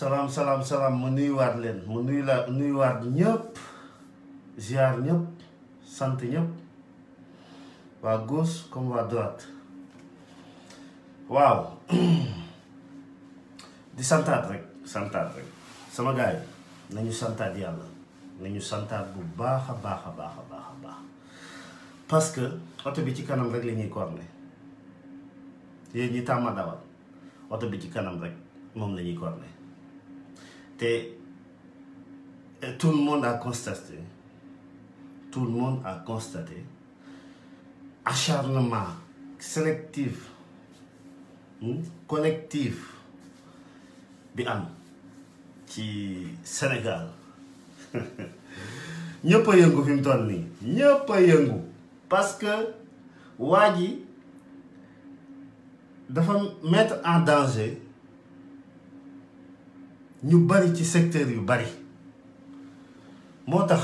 salaam salaam salaam ma nuyuwaat leen ma nuyu laa nuyuwaat ñëpp ziar ñëpp sant ñëpp waa gauche comme waa droite waaw di santaat rek santaat rek sama gars yi nañu santaat yàlla nañu santaat bu baax a baax a baax a baax a que oto bi ci kanam rek la ñuy corne yéen ñi tàmma oto bi ci kanam rek moom la ñuy était, et euh, tout le monde a constaté, tout le monde a constaté, acharnement sélectif, hmm, bi am ci Sénégal ñëpp a yëngu fi mu nii ñëpp yëngu parce que waa ji dafa mettre en danger ñu bari ci secteur yu bari moo tax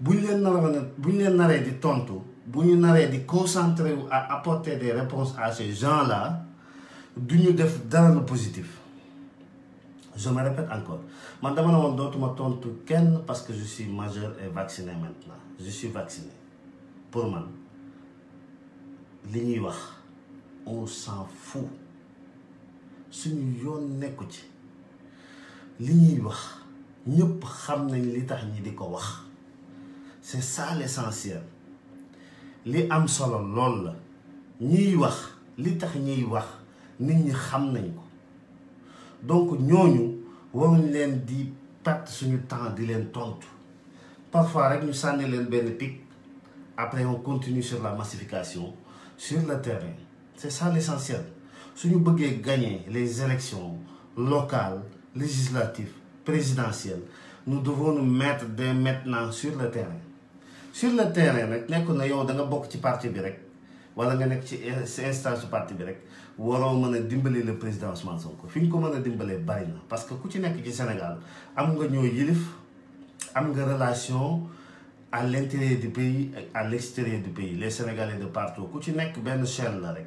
buñ leen naroon bu ñu leen naree di tontu bu ñu naree di concentrer wu à apporter des réponses à ces gens-là du def dara lu positif je me répète encore man dama ne woon dootuma tontu kenn parce que je suis majeur et vacciné maintenant je suis vacciné pour man li ñuy wax on s'en fout suñu yoon nekku ci. li ñuy wax ñëpp xam nañ li tax ñi di ko wax c'est ça l'essentiel li am solo lool la ñiy wax li tax ñiy wax nit ñi xam nañ ko donc ñooñu waruñ leen di perte suñu temps di leen tontu parfois rek ñu sànni leen benn pic après on continue sur la massification sur le terrain c'est ça l'essentiel su ñu bëggee gagner les élections locales législatives, présidentiel nous devons nous mettre dès maintenant sur le terrain. Sur le terrain nag nekk na yow da nga bokk ci parti bi rek wala nga nekk ci instance su parti bi rek waroo mën a dimbali le président Ousmane ko fi ñu ko mën a dimbalee bari na parce que ku ci nekk ci Sénégal am nga ñoo yilif am nga relation à l'intérieur du pays ak à l'extérieur du pays les Sénégalais de partout ku ci nekk benn chaîne la rek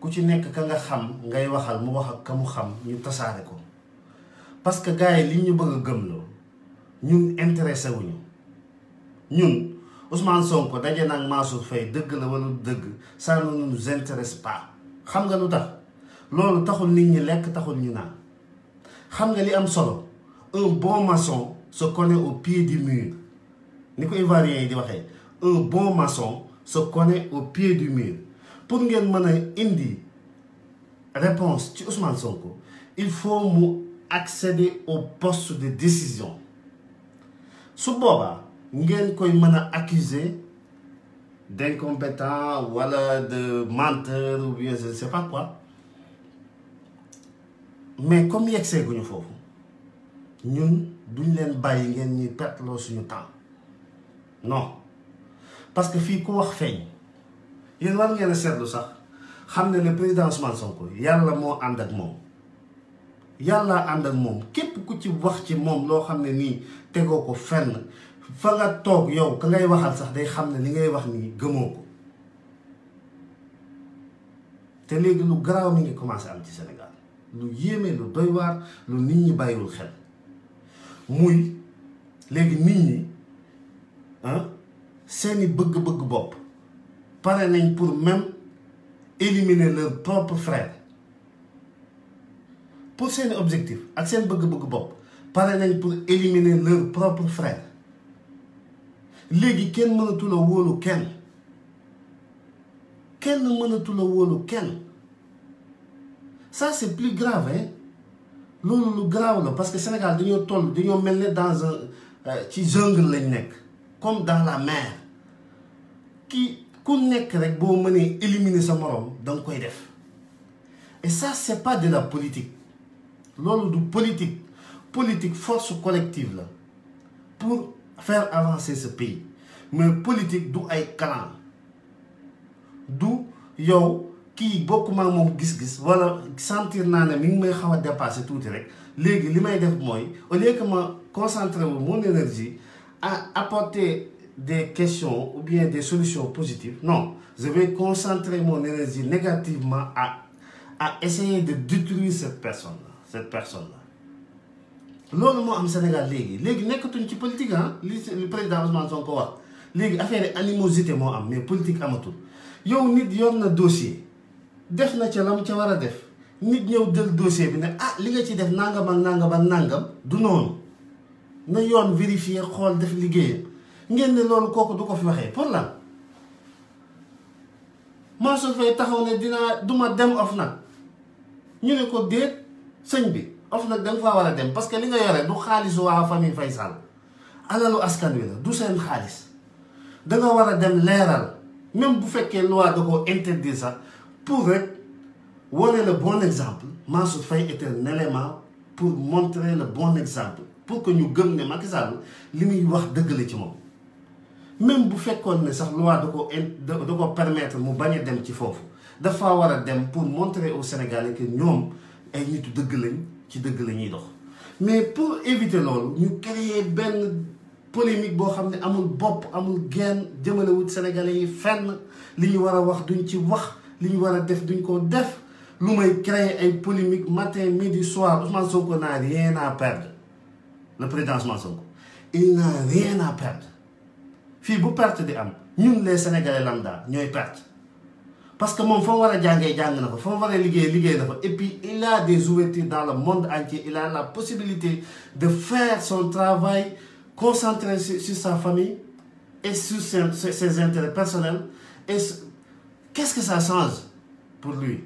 ku ci nekk ka nga xam ngay waxal mu wax ak xam ñu tasaare ko. parce que gars yi li ñu bëgg a gëmloo ñun intéressé wuñu ñun Ousmane Sonko daje nag Mansour Faye dëgg la wala dëgg sa ne nous intéresse pas xam nga lu tax loolu taxul nit ñi lekk taxul ñu naan xam nga li am solo un bon maçon se connaît au pied du mur ni ko Ivoiriens yi di waxee bon maçon se connaît au pied du mur pour ngeen mën a indi réponse ci Ousmane Sonko il faut mu accéder au post de décision su boobaa ngeen koy mën a accuser d'incompétent wala de menteur ou bien je ne sais pas quoi mais comme yegsee seeguñu foofu ñun duñ leen bàyyi ngeen ñuy perteloo suñu temps non parce que fii ku wax feeñ yéen war ngeen a seetlu sax xam ne le président Ousmane Sonko yàlla moo ànd ak moom yàllaa ànd ak moom képp ku ci wax ci moom loo xam ne nii tegoo ko fenn fa nga toog yow ka ngay waxal sax day xam ne li ngay wax nii gëmoo ko te léegi lu garaaw mi ngi commencé am ci Sénégal lu yéeme lu doy waar lu nit ñi bàyyiwul xel muy léegi nit ñi ah seeni bëgg-bëgg bopp pare nañ pour même éliminer leur propre frère pour seen objectif ak seen bëgg-bëgg bopp pare nañ pour éliminer leur propre frère léegi kenn mënatula wóolu kenn kenn mënatula wóolu kenn ça c'est plus grave hein loolu lu grave la parce que Sénégal dañoo toll dañoo mel ne dans euh, ci jungle lañ nekk comme dans la mer ki ku nekk rek boo mënee éliminer sa moroom da koy def et ça c'est pas de la politique loolu du politique politique force collective la pour faire avancer ce pays mais politique du ay clan du yow kii bokkuma moom gis-gis wala sentir naa ne mi ngi may xaw a dépassé tuuti rek léegi li may def mooy au lieu que ma concentrer mon énergie à apporter des questions ou bien des solutions positives non je vais concentrer mon énergie négativement à à essayer de détruire cette personne-là cette personne la loolu moo am Sénégal léegi léegi nekkatuñ ci politique ah li li président Ousmane Sonko wax léegi affaire animosité moo am mais politique amatul yow nit yor na dossier def na ca lam ca war a def nit ñëw jël dossier bi ne ah li nga ci def nangam ak nangam ak nangam du noonu na yoon vérifier xool def liggéeyam ngeen ne loolu kooku du ko fi waxee pour lan Mansour Faye taxaw ne dinaa duma dem of nag ñu ne ko déet sëñ bi of nag da fa war a dem parce que li nga yore du xaalisu waa famille fay Sall alalu askan wi la du seen xaalis da war a dem leeral même bu fekkee loi da koo interdire sax pour rek wane le bon exemple Mansour Faye était un élément pour montrer le bon exemple pour que ñu gëm ne Macky Sall li muy wax dëgg la ci moom même bu fekkoon ne sax loi da ko da ko permettre mu bañ a dem ci foofu dafa war a dem pour montrer au Sénégalais que ñoom ay nitu dëgg lañ ci dëgg la ñuy dox mais pour éviter loolu ñu créer benn polémique boo xam ne amul bopp amul genn jëmalewut sénégalais yi fenn li ñu war a wax duñ ci wax li ñu war a def duñ ko def lu may créer ay polémique matin midi soir Ousmane Sonko n'a rien à perdre le président Ousmane Sonko il n'a rien à perdre fii bu perte di am ñun les sénégalais lambda ñooy perte parce que moom fa war a jàngee jàng na fa fa mu war a liggéey liggéey na fa et puis il a des ouvertures dans le monde entier il a la possibilité de faire son travail concentré sur, sur sa famille et sur ses, ses, ses intérêts personnels et qu'est-ce que ça change pour lui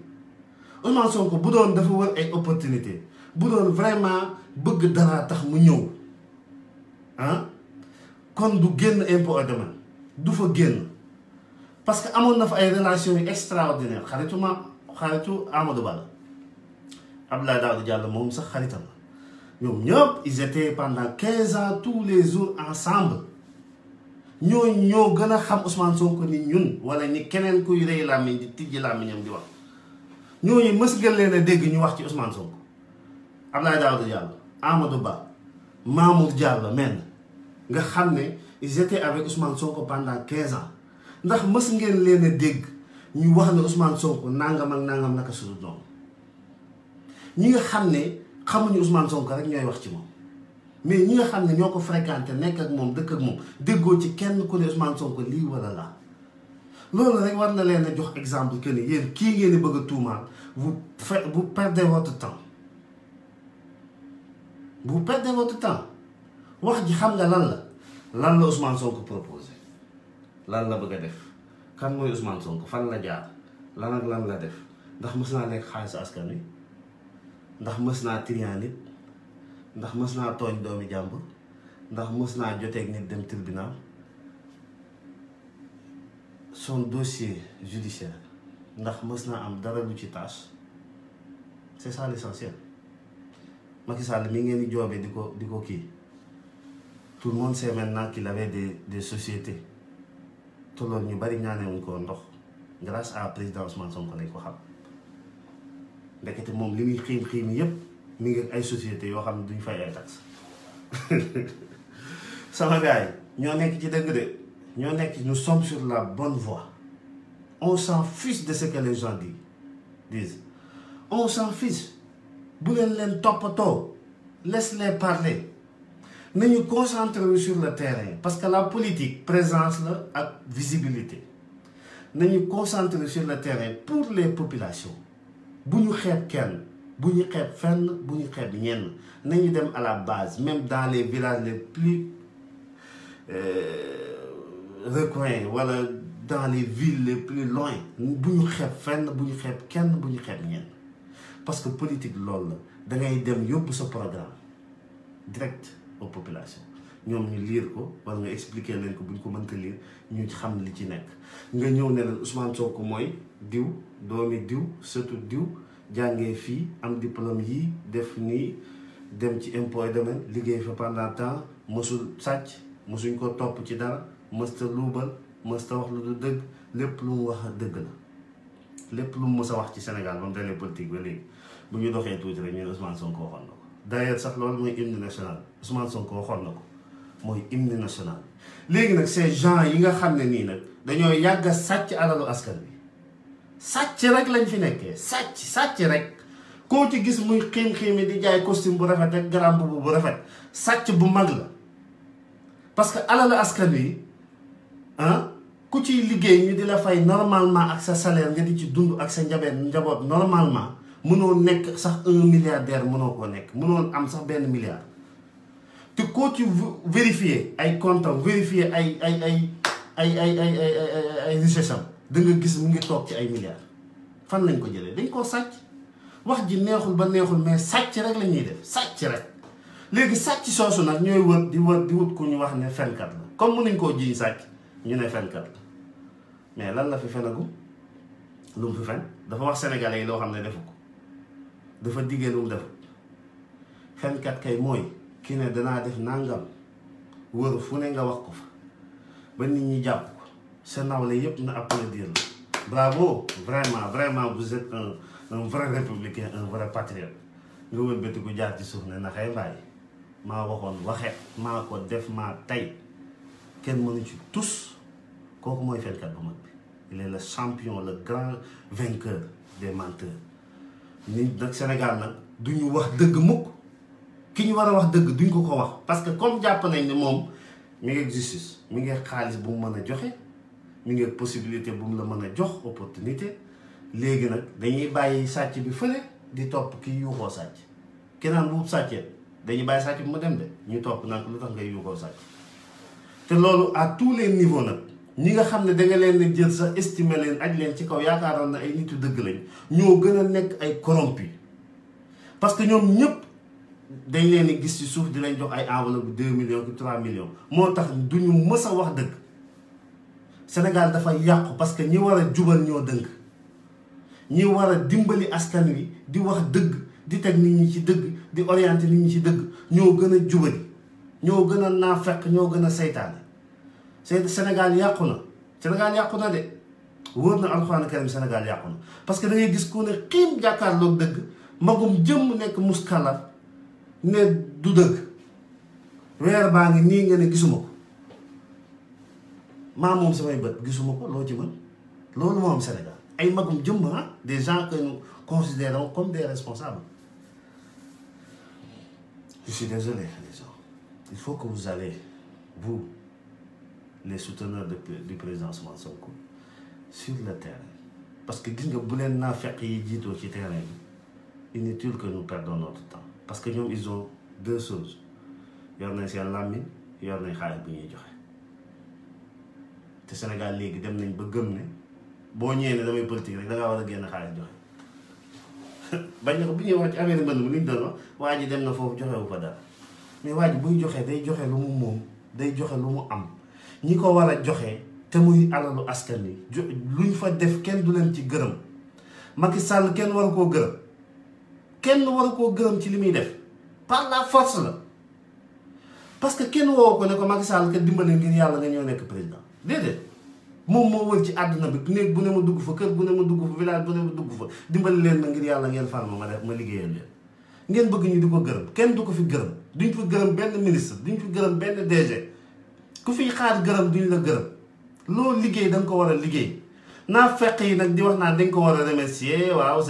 Ousmane Sonko bu doon dafa war ay opportunité bu doon vraiment bëgg dara tax mu ñëw ah kon du génn impôt a deman du fa génn parce que amoon na fa ay relation yu extraordinaire xaritu ma xaritu Amadou Ba la Abdoulaye Daouda Diallo moom sax xaritam la ñoom ñëpp ils étaient pendant quinze ans tous les jours ensemble ñoo ñoo gën a xam Ousmane Sonko ni ñun wala ni keneen kuy rey làmmiñ di tijji làmmiñam di wax ñooñu mës ngeen leen a dégg ñu wax ci Ousmane Sonko Abdoulaye Daouda Diallo Amadou Ba Mamour Diallo men nga xam ne ils étaient avec Ousmane Sonko pendant quinze ans ndax mës ngeen leen dégg ñu wax ne Ousmane Sonko nangam ak nangam naka suñu doom ñi nga xam ne xamuñu Ousmane Sonko rek ñooy wax ci moom mais ñi nga xam ne ñoo ko fréquenté nekk ak moom dëkk ak moom déggoo ci kenn ku ne Ousmane Sonko lii wala laa loolu rek war na leen a jox exemple que ni yéen kii ngeen bëgg a tuumaal vous vous perdez votre temps vous perdez votre temps wax ji xam nga lan la lan la Ousmane Sonko proposé. lan la bëgg def kan mooy Ousmane Sonko fan la jaar lan ak lan la def ndax mës naa lekk xaalisu askan wi ndax mës naa trian nit ndax mës naa tooñ doomi jàmbur ndax mës naa joteeg nit dem tribunal son dossier judiciaire ndax mës naa am dara lu ci tâche c'est ça l'essentiel Sall mi ngeen di di ko di ko kii tout le monde sait maintenant qu'il avait des des te loolu ñu bari ñu ko ndox grâce à président Ousmane Sonko lañ ko xam ndekete moom li muy xiim xiim yépp mu ngi ay société yoo xam ne duñ fay ay tax sama gars ñoo nekk ci dëgg de ñoo nekk ñu sommes sur la bonne voie on s'en fiche de ce que les gens disent disent on s'en fiche bu leen leen toppatoo laisse les parler nañu concentré wu sur le terrain parce que la politique présence la ak visibilité nañu concentre sur le terrain pour les populations bu ñu xeeb kenn bu ñu xeeb fenn bu ñu xeeb ñenn nañu dem à la base même dans les villages les plus euh, recoins wala dans les villes plus loin bu ñu bu ñu xeeb kenn bu ñu xeeb ñenn parce que politique loolu la da ngay dem yóbbu sa programme direct aux populations ñoom ñu liir ko wala nga expliquer leen ko bu ñu ko mënta liir ñu xam li ci nekk nga ñëw ne leen Ousmane ko mooy diw doomi diw surtout diw jànge fii am diplôme yii def nii dem ci impôt domaine liggéey fa pendant temps mësul sàcc mësuñ ko topp ci dara mësta luubal mësta wax lu du dëgg lépp lu mu wax dëgg la lépp lu mu mës wax ci senegal ba mu dalee politique ba léegi bu ñu doxee tuuti rek ñu ne Ousmane Sonko waxoon na ko d'ailleurs sax loolu mooy Ousmane Sonko waxoon na ko mooy hymne national léegi nag ces gens yi nga xam ne nii nag dañoo yàgg sàcc alalu askan bi sàcc rek lañ fi nekkee sàcc sàcc rek koo ci gis muy xiim-xiimi di jaay costume bu rafet ak garam bu bu rafet sàcc bu mag la parce que alalu askan wi ah ku ciy liggéey ñu di la fay normalement ak sa salaire nga di ci dund ak sa njabeet njaboot normalement mënoo nekk sax un mënoo koo nekk mënoon am sax benn milliard te koo ci vérifier ay compte am ay ay ay ay ay ay ay ay richesse gis mu ngi toog ci ay milliards fan lañ ko jëlee dañ koo sàcc wax ji neexul ba neexul mais sàcc rek la ñuy def sàcc rek léegi sàcc soosu nag ñooy wër di wër di wut ku ñu wax ne fenkat la comme mën nañ koo jiñ sàcc ñu ne fenkat la mais lan la fi fenagu lu mu fi fen dafa wax sénégalais yi loo xam ne defu ko dafa diggee lu mu fenkat kay mooy ki ne danaa def nangam wër fu ne nga wax ko fa ba nit ñi jàpp ko sa nawle yépp na applaudir la bravo vraiment vraiment vous êtes un un vrai républicain un vrai patriote nga jaar ci suuf ne naxay bàyyi maa waxoon waxeet maa ko def maa tey kenn mënu ci tous kooku mooy fenkat bu mag bi il est champion le grand vainqueur des menteurs nit nag Sénégal nag duñu wax dëgg mukk ki ñu war a wax dëgg duñ ko ko wax parce que comme jàpp nañ ne moom mu ngi justice mi ngi xaalis bu mu mën a joxe mi ngi possibilité bu mu la mën a jox opportunité léegi nag dañuy bàyyi sàcc bi fële di topp kii yuuxoo sàcc kenaan bu sàccee dañu bàyyi sàcc bi mu dem de ñu topp nag lu tax ngay yuuxoo sàcc te loolu à tout les niveaux nag ñi nga xam ne da nga leen di jël sa estimer leen ak leen ci kaw yaakaaroon na ay nitu dëgg lañ ñoo gën a nekk ay corrompu que ñoom ñëpp. dañ leen gis ci suuf di jox ay enveloppe bu deux millions ki trois millions moo tax du ñu mës a wax dëgg Sénégal dafa yàqu parce que ñi war a jubal ñoo dëng ñi war a dimbali askan wi di wax dëgg di teg nit ñi ci dëgg di orienté nit ñi ci dëgg ñoo gën a jubali ñoo gën a naafeq ñoo gën a seytaane sey senegal yàqu na Sénégal yàqu na de wóor na alxuraan karim Sénégal yàqu na parce que gis ku xiim jàkkaarloog dëgg magum jëmm nekk muskalaf ne du dëgg reer baa ngi nii nga ne gisuma ko maa moom samay bët gisuma ko loo ci mën loolu moo am Sénégal ay magum jëmm ah des gens que nous considérons comme des responsables je suis désolé les gens il faut que vous allez vous les souteneurs de du président Ousmane sur le terrain parce que gis nga bu leen naa fekk yi jiitoo ci terrain bi inutile que nous perdons notre temps parce que ñoom ils ont deux choses yor nañ seen làmmiñ yor nañ xaalis bu ñuy joxe te Sénégal léegi dem nañ ba gëm ne boo ñëwee damay politique rek da war a génn xaalis joxe bañ na ko bu ñuy wax ci affaire mbënd mi liñ doon wax waa yi dem na foofu joxewu fa dara mais waa buy joxe day joxe lu mu moom day joxe lu mu am ñi ko war a joxe te muy alalu askan wi luñ fa def kenn du leen ci gërëm Macky sàll kenn war koo gërëm. kenn waru koo gërëm ci li muy def par la force la parce que kenn woo ko ne ko Macky Sall kat ngir yàlla nga ñoo nekk président déedéet moom moo wër ci àdduna bi néeg bu ne ma dugg fa kër bu ne ma dugg fa village bu ne ma dugg fa dimbali leen ma ngir yàlla ngeen fal ma ma def ma liggéeyal leen ngeen bëgg ñu di ko gërëm kenn du ko fi gërëm duñ fi gërëm benn ministre duñ fi gërëm benn DG ku fi xaar gërëm duñ la gërëm loolu liggéey da ko war a liggéey naa fekk yi nag di wax naa dañ ko a remercier waaw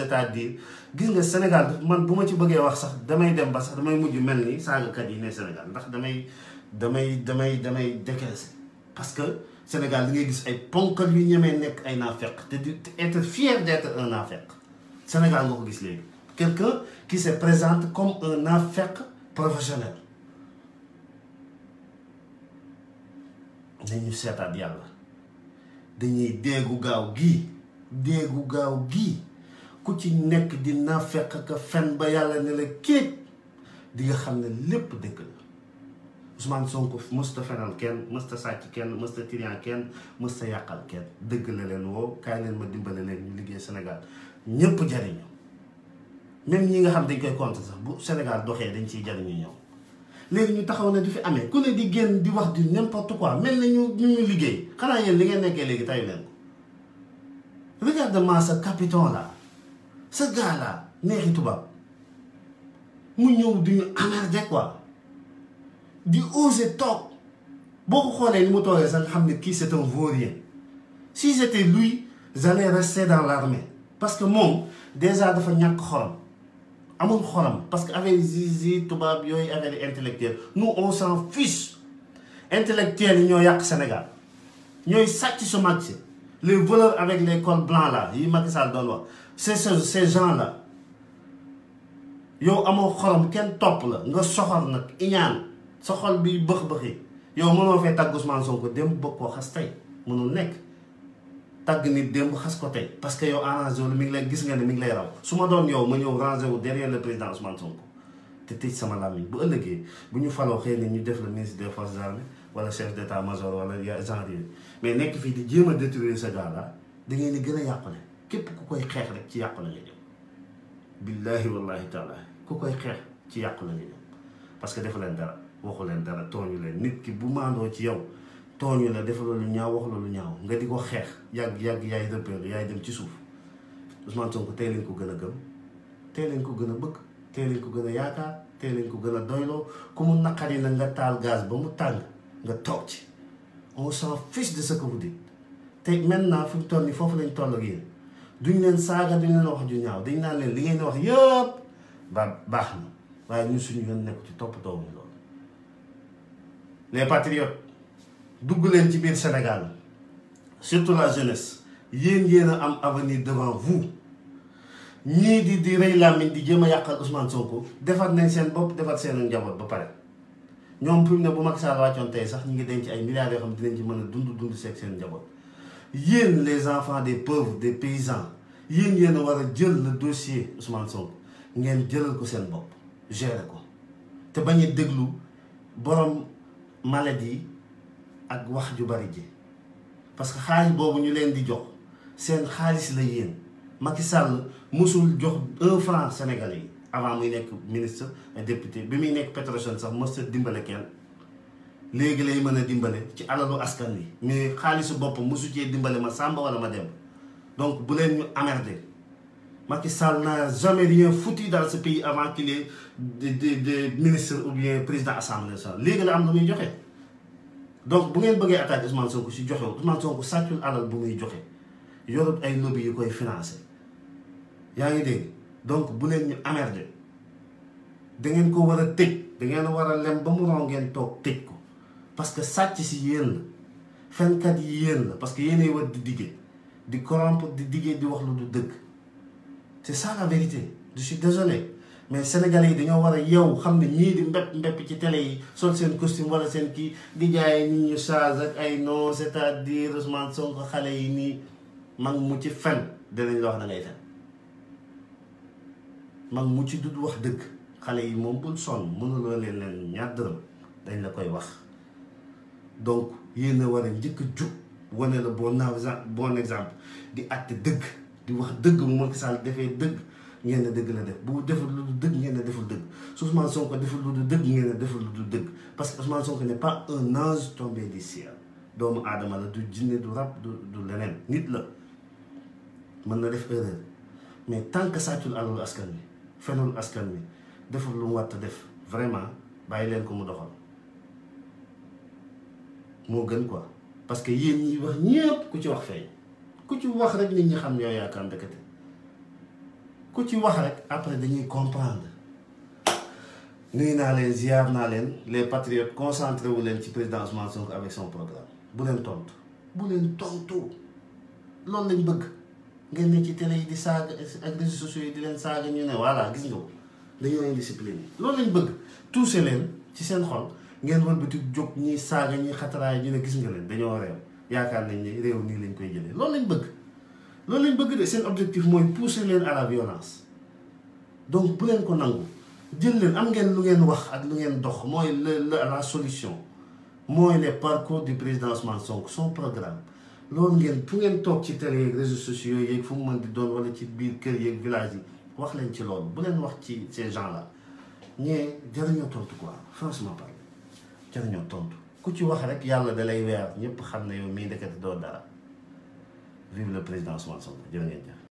gis nga Sénégal man bu ma ci bëggee wax sax damay dem ba sax damay mujj mel ni saagakat yi ne Sénégal ndax damay damay damay damay décaissé parce que Sénégal di ngay gis ay ponkal yu ñemee nekk ay naafeq te di être fier d'être un naafeq Sénégal nga ko gis léegi quelqu'un qui se présente comme un naafeq professionnel nañu seetaat yàlla dañuy déegu gaaw gii déegu gaaw gii ku ci nekk di naafeq ka fen ba yàlla ne la kéej di nga xam ne lépp dëgg la Ousmane Sonko mësta fenal kenn mësta sàcc kenn mësta tiriyan kenn mësta yàqal kenn dëgg la leen woo kaay leen ma dimbale leen ñu liggéey Sénégal ñépp jariñu même ñi nga xam dañ koy compte sax bu Sénégal doxee dañ ciy jariñu ñëw léegi ñu taxaw ne di fi amee ku ne di génn di wax di n'importe quoi mel na ñu ñu liggéey xanaa yéen li ngeen nekkee léegi tay leen ko regarde sa ce ce gars là neexi tubaab mu ñëw du ñu émerger quoi di oser toog boo xoolee ñu mu toogee sa nga xam ne kii c'est un vaurien si c'était lui j'allais rester dans l'armée parce que moom déjà dafa ñàkk xorom amul xorom parce que avec zizi tubaab yooyu avec les intellectuels nous on fiche intellectuels yi ñoo yàq Sénégal ñooy sàcc su mag si les voleurs avec les cols blancs yi Macky doon wax ces ces gens là yow amoo xorom kenn topp la nga soxor nag iñaan sa xol bi bëx-bëxi yow mënoo fee tàgg Ousmane Sonko démb bëgg koo xas tey mënul nekk tàgg nit démb xas ko tey parce que yow arrangé wu mi ngi lay gis nga ni mi ngi lay raw su ma doon yow ma ñëw rangé wu derrière le président Ousmane Sonko te tëj sama làmmiñ bu ëllëgee bu ñu faloo xëy na ñu def la ministre de forces armées wala chef d' état major wala genre yooyu mais nekk fii di jéem a sa gars da ngeen di gën a yàqule képp ku koy xeex rek ci yàqu la nga jëm billahi wallahi ku koy xeex ci yàqu la nga jëm parce que defu leen dara waxu leen dara tooñu leen nit ki bu maandoo ci yow tooñu la defu la lu ñaaw wax lu ñaaw nga di ko xeex yàgg yàgg yaay rëppeelu yaay dem ci suuf Ousmane ko tey leen ko gën a gëm tey leen ko gën a bëgg tey leen ko gën a yaakaar tey leen ko gën a doyloo ku mu naqari na nga taal gaz ba mu tàng nga toog ci on s'en fiche de ce que vous dites te maintenant fu mu toll nii foofu lañ toll ak duñ leen saaga duñ leen wax ju ñaaw dañ naan leen li ngeen wax yëpp ba baax na waaye ñu suñu yoon nekk ci toppatoo mu loolu les patriotes dugg leen ci biir Sénégal surtout la jeunesse yéen yéen a am avenir devant vous ñii di di rëy làmmiñ di jéem a yàq ak Ousmane Sonko defar nañ seen bopp defar seen njaboot ba pare ñoom pour ne bu Macky Sall wàccoon tey sax ñu ngi denc ay milliards yoo xam dinañ ci mën a dund dund seeg seen njaboot. yéen les enfants des pauvres des paysans yéen yéen a war a jël le dossier Ousmane Sonko ngeen jëlal ko seen bopp gérer ko te bañ a déglu borom maladie ak wax ju bari ji parce que xaalis boobu ñu leen di jox seen xaalis la yéen Macky Sall mosul jox un franc Sénégalais yi avant muy nekk ministre et député bi muy nekk Petrosen sax mës a dimbale kenn. léegi lay mën a dimbale ci alalu askan wi mais xaalisu bopp mosu cee dimbale ma sàmba wala ma dem donc bu leen ñu emmerder Macky Sall n'a jamais rien foutu dans ce pays avant qu'il de de ministre ou président assemblée nationale léegi la am na muy joxe donc bu ngeen bëggee attaque Ousmane Sonko si joxe Ousmane Sonko sàccul alal bu muy joxe yorut ay lobby yu koy financé yaa ngi dégg donc bu leen ñu emmerder da ngeen ko war a tëj da ngeen war a lem ba mu toog tëj ko. parce que sàcc si yéen la fenkat yi yéen la parce que yéenay war di diggee di corrompre di diggee di wax lu du dëgg te ça la vérité je suis désolé mais sénégalais yi dañoo war a yow xam ne ñii di mbépp mbépp ci tele yi sol seen costume wala seen kii di jaay nit ñu charge ak ay non c'est-à-dire Ousmane Sonko xale yi nii mag mu ci fen dinañ la wax da fen mag mu ci dud wax dëgg xale yi moom bul sonn mënuloo leen leen ñaar dañ la koy wax donc yéen a war a njëkk a jug wane la bon bon exemple di àtte dëgg di wax dëgg mu Macky Sall defee dëgg ngeen ne dëgg la def bu deful lu dul dëgg ngeen ne deful dëgg su Ousmane Sonko deful lu dul dëgg ngeen ne deful lu dul dëgg parce que Ousmane Sonko n'est pas un ange tombé di ciel doomu aadama la du jinne du rab du du leneen nit la mën na def erreur mais tant que sàccul alalu askan wi fenul askan wi deful lu mu war def vraiment bàyyi leen ko mu doxal. moo gën quoi parce que yéen ñi wax ñépp ku ci wax feeñ ku ci wax rek nit ñi xam yow yaa kan ndekete ku ci wax rek après dañuy comprendre nuyu naa leen ziar naa leen les patriotes concentré wu leen ci président Ousmane Sonko avec son programme bu leen tontu bu leen tontu loolu lañ bëgg ngeen ne ci télé yi di saaga ak réseaux sociaux yi di leen saaga ñu ne voilà gis nga ko dañoo leen discipline loolu lañ bëgg tuuse leen ci seen xol ngeen wëlbati jóg ñiy saaga ñiy xataraay ñu ne gis nga leen dañoo réew yaakaar nañ ne réew nii lañ koy jëlee loolu lañ bëgg loolu lañ bëgg de seen objectif mooy pousser leen à la violence donc bu leen ko nangu jël leen am ngeen lu ngeen wax ak lu ngeen dox mooy la la solution mooy les parcours du président Ousmane Sonko son programme loolu ngeen fu ngeen toog ci télé yeeg réseaux sociaux yeeg fu mu mën di doon wala ci biir kër yeeg village yi wax leen ci loolu bu leen wax ci ces gens là ñee jëruñoo tontu ku ci wax rek yàlla da lay weer ñëpp xam ne yow mii ndekete doo dara vive le président Ousmane Sonko jërë ngeen jëf